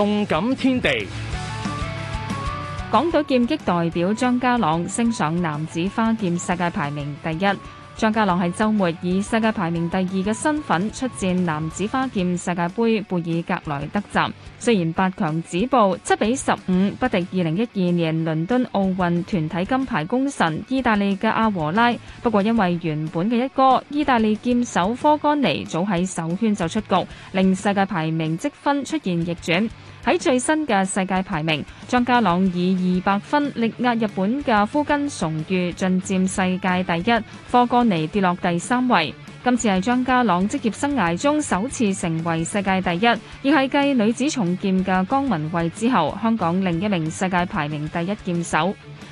動感天地，港隊劍擊代表張家朗升上男子花劍世界排名第一。張家朗喺周末以世界排名第二嘅身份出戰男子花劍世界杯貝爾格萊德站，雖然八強止步，七比十五不敵二零一二年倫敦奧運團體金牌功臣意大利嘅阿和拉，不過因為原本嘅一哥意大利劍手科干尼早喺首圈就出局，令世界排名積分出現逆轉。喺最新嘅世界排名，張家朗以二百分力壓日本嘅夫根崇裕，進佔世界第一。科哥尼跌落第三位。今次係張家朗職業生涯中首次成為世界第一，亦係繼女子重劍嘅江文慧之後，香港另一名世界排名第一劍手。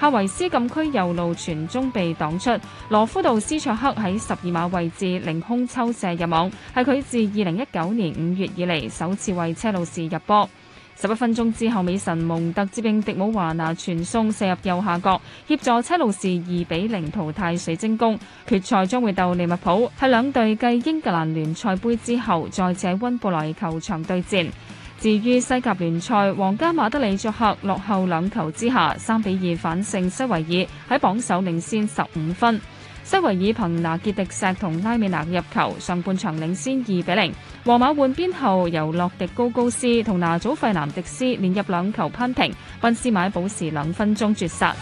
夏維斯禁區右路傳中被擋出，羅夫道斯卓克喺十二碼位置凌空抽射入網，係佢自二零一九年五月以嚟首次為車路士入波。十一分鐘之後，美神蒙特接應迪姆華拿傳送射入右下角，協助車路士二比零淘汰水晶宮。決賽將會鬥利物浦，喺兩隊繼英格蘭聯賽杯之後再借温布萊球場對戰。至於西甲聯賽，皇家馬德里作客落後兩球之下，三比二反勝西維爾，喺榜首領先十五分。西維爾憑拿傑迪石同拉美拿入球，上半場領先二比零。皇馬換邊後，由洛迪高高斯同拿祖費南迪斯連入兩球攀平，賓斯馬保時兩分鐘絕殺。